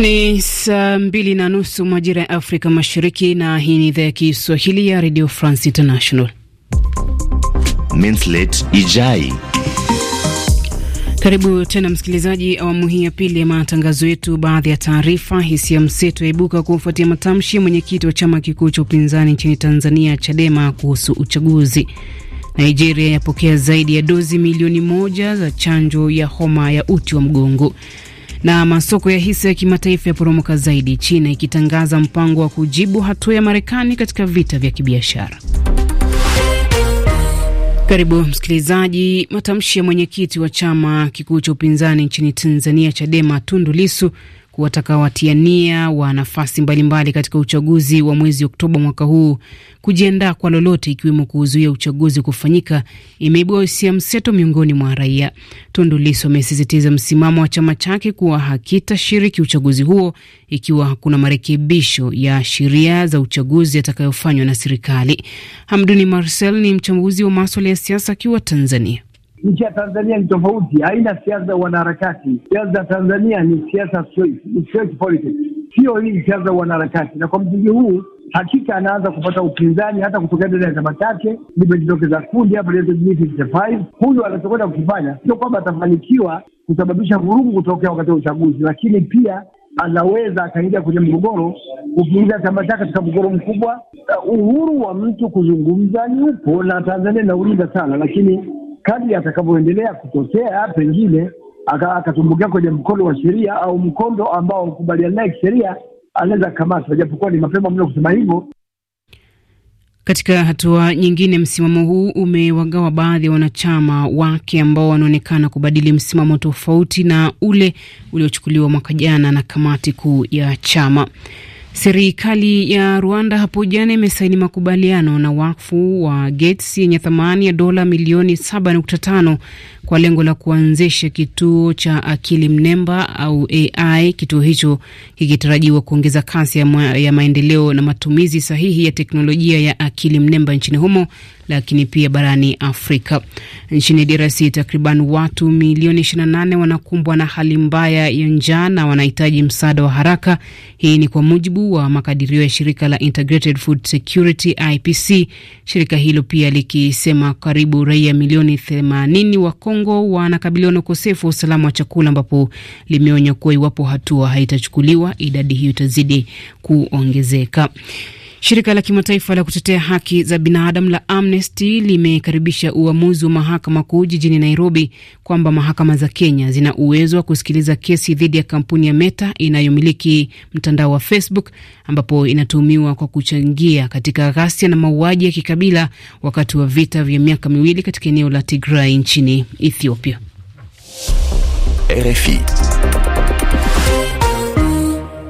Ni saa mbili na nusu majira ya Afrika Mashariki, na hii ni idhaa ya Kiswahili ya Radio France International. Minslet Ijai. Karibu tena msikilizaji, awamu hii ya pili ya matangazo yetu. Baadhi ya taarifa: hisia mseto yaibuka kufuatia matamshi ya mwenyekiti wa chama kikuu cha upinzani nchini Tanzania, Chadema, kuhusu uchaguzi. Nigeria yapokea zaidi ya dozi milioni moja za chanjo ya homa ya uti wa mgongo. Na masoko ya hisa ya kimataifa yaporomoka zaidi, China ikitangaza mpango wa kujibu hatua ya Marekani katika vita vya kibiashara. Karibu msikilizaji. Matamshi ya mwenyekiti wa chama kikuu cha upinzani nchini Tanzania, Chadema, Tundu Lisu watakawatiania wa nafasi mbalimbali katika uchaguzi wa mwezi Oktoba mwaka huu kujiandaa kwa lolote ikiwemo kuzuia uchaguzi kufanyika imeibua hisia mseto miongoni mwa raia. Tundu Lissu amesisitiza msimamo wa chama chake kuwa hakitashiriki uchaguzi huo ikiwa hakuna marekebisho ya sheria za uchaguzi yatakayofanywa na serikali. Hamduni Marcel ni mchambuzi wa maswala ya siasa akiwa Tanzania. Nchi ya Tanzania ni tofauti, haina siasa za wanaharakati. Siasa za Tanzania ni siasa straight, politics, sio hii siasa za wanaharakati. Na kwa msingi huu hakika anaanza kupata upinzani hata kutokea ndani ya chama chake. Limejitokeza kundi hapa huyu anachokwenda kukifanya sio kwamba atafanikiwa kusababisha vurugu kutokea wakati wa uchaguzi, lakini pia anaweza akaingia kwenye mgogoro, kukiingiza chama chake katika mgogoro mkubwa. Uhuru wa mtu kuzungumza ni upo, na Tanzania inaulinda sana, lakini kadi atakavyoendelea kutokea, pengine akatumbukia kwenye mkondo wa sheria au mkondo ambao ukubaliana naye kisheria, anaweza akamatwa, japokuwa ni mapema mno kusema hivyo. Katika hatua nyingine, msimamo huu umewagawa baadhi ya wanachama wake ambao wanaonekana kubadili msimamo tofauti na ule uliochukuliwa mwaka jana na kamati kuu ya chama. Serikali ya Rwanda hapo jana imesaini makubaliano na wakfu wa Gates yenye thamani ya dola milioni 7.5 kwa lengo la kuanzisha kituo cha akili mnemba au AI. Kituo hicho kikitarajiwa kuongeza kasi ya, ma ya maendeleo na matumizi sahihi ya teknolojia ya akili mnemba nchini humo lakini pia barani Afrika. Nchini DRC, takriban watu milioni 28 wanakumbwa na hali mbaya ya njaa na wanahitaji msaada wa haraka. Hii ni kwa mujibu wa makadirio ya shirika la Integrated Food Security IPC, shirika hilo pia likisema karibu raia milioni 80 wa Kongo wanakabiliwa na ukosefu wa usalama wa chakula, ambapo limeonya kuwa iwapo hatua haitachukuliwa idadi hiyo itazidi kuongezeka. Shirika la kimataifa la kutetea haki za binadamu la Amnesty limekaribisha uamuzi wa mahakama kuu jijini Nairobi kwamba mahakama za Kenya zina uwezo wa kusikiliza kesi dhidi ya kampuni ya Meta inayomiliki mtandao wa Facebook, ambapo inatuhumiwa kwa kuchangia katika ghasia na mauaji ya kikabila wakati wa vita vya miaka miwili katika eneo la tigrai nchini Ethiopia. RFI.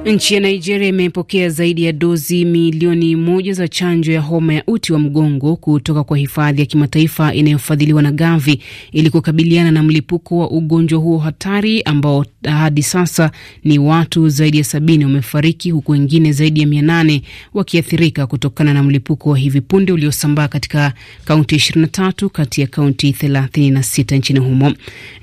Nchi ya Nigeria imepokea zaidi ya dozi milioni moja za chanjo ya homa ya uti wa mgongo kutoka kwa hifadhi ya kimataifa inayofadhiliwa na Gavi ili kukabiliana na mlipuko wa ugonjwa huo hatari ambao hadi sasa ni watu zaidi ya sabini wamefariki huku wengine zaidi ya mia nane wakiathirika kutokana na mlipuko wa hivi punde uliosambaa katika kaunti 23 kati ya kaunti 36 nchini humo.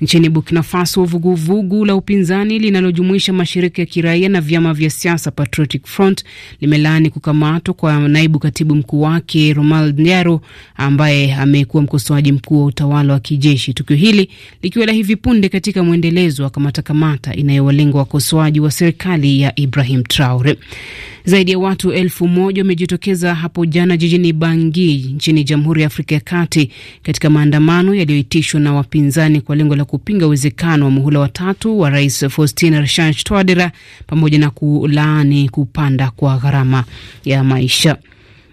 Nchini Burkina Faso, vuguvugu la upinzani linalojumuisha mashirika ya kiraia na vyama vyama vya siasa Patriotic Front limelaani kukamatwa kwa naibu katibu mkuu wake Romald Nyaro ambaye amekuwa mkosoaji mkuu wa utawala wa kijeshi, tukio hili likiwa la hivi punde katika mwendelezo wa kamatakamata inayowalenga wakosoaji wa serikali ya Ibrahim Traore. Zaidi ya watu elfu moja wamejitokeza hapo jana jijini bangi nchini Jamhuri ya Afrika ya Kati katika maandamano yaliyoitishwa na wapinzani kwa lengo la kupinga uwezekano wa muhula watatu wa Rais Faustin Archange Touadera pamoja na kulaani kupanda kwa gharama ya maisha.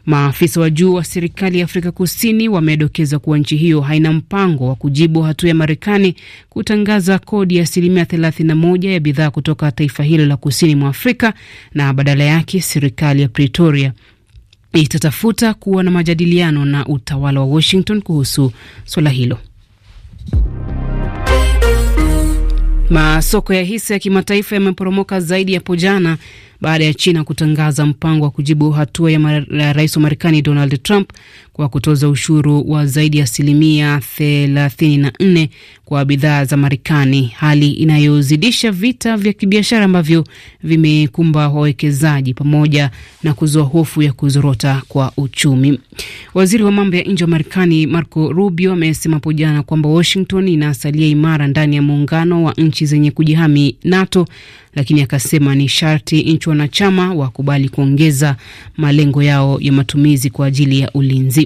Maafisa wa juu wa serikali ya Afrika Kusini wamedokeza kuwa nchi hiyo haina mpango wa kujibu hatua ya Marekani kutangaza kodi ya asilimia 31 ya bidhaa kutoka taifa hilo la kusini mwa Afrika, na badala yake serikali ya Pretoria itatafuta kuwa na majadiliano na utawala wa Washington kuhusu suala hilo. Masoko ya hisa ya kimataifa yameporomoka zaidi hapo jana baada ya China kutangaza mpango wa kujibu hatua ya rais wa Marekani Donald Trump kwa kutoza ushuru wa zaidi ya asilimia 34 kwa bidhaa za Marekani, hali inayozidisha vita vya kibiashara ambavyo vimekumba wawekezaji pamoja na kuzua hofu ya kuzorota kwa uchumi. Waziri wa mambo ya nje wa Marekani Marco Rubio amesema hapo jana kwamba Washington inasalia imara ndani ya muungano wa nchi zenye kujihami NATO, lakini akasema ni sharti nchi wanachama wakubali kuongeza malengo yao ya matumizi kwa ajili ya ulinzi.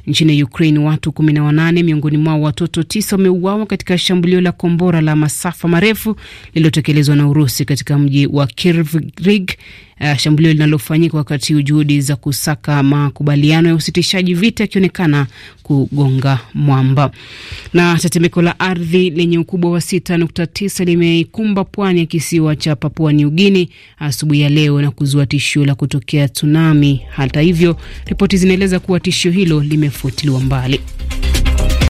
Nchini Ukraine, watu 18 miongoni mwao watoto tisa wameuawa katika shambulio la kombora la masafa marefu lililotekelezwa na Urusi katika mji wa Kirvrig, uh, shambulio linalofanyika wakati juhudi za kusaka makubaliano ya usitishaji vita yakionekana kugonga mwamba. Na tetemeko la ardhi lenye ukubwa wa 6.9 limeikumba pwani ya kisiwa cha Papua New Guinea asubuhi ya leo na kuzua tishio la kutokea tsunami. Hata hivyo, ripoti zinaeleza kuwa tishio hilo lime umefuatiliwa mbali.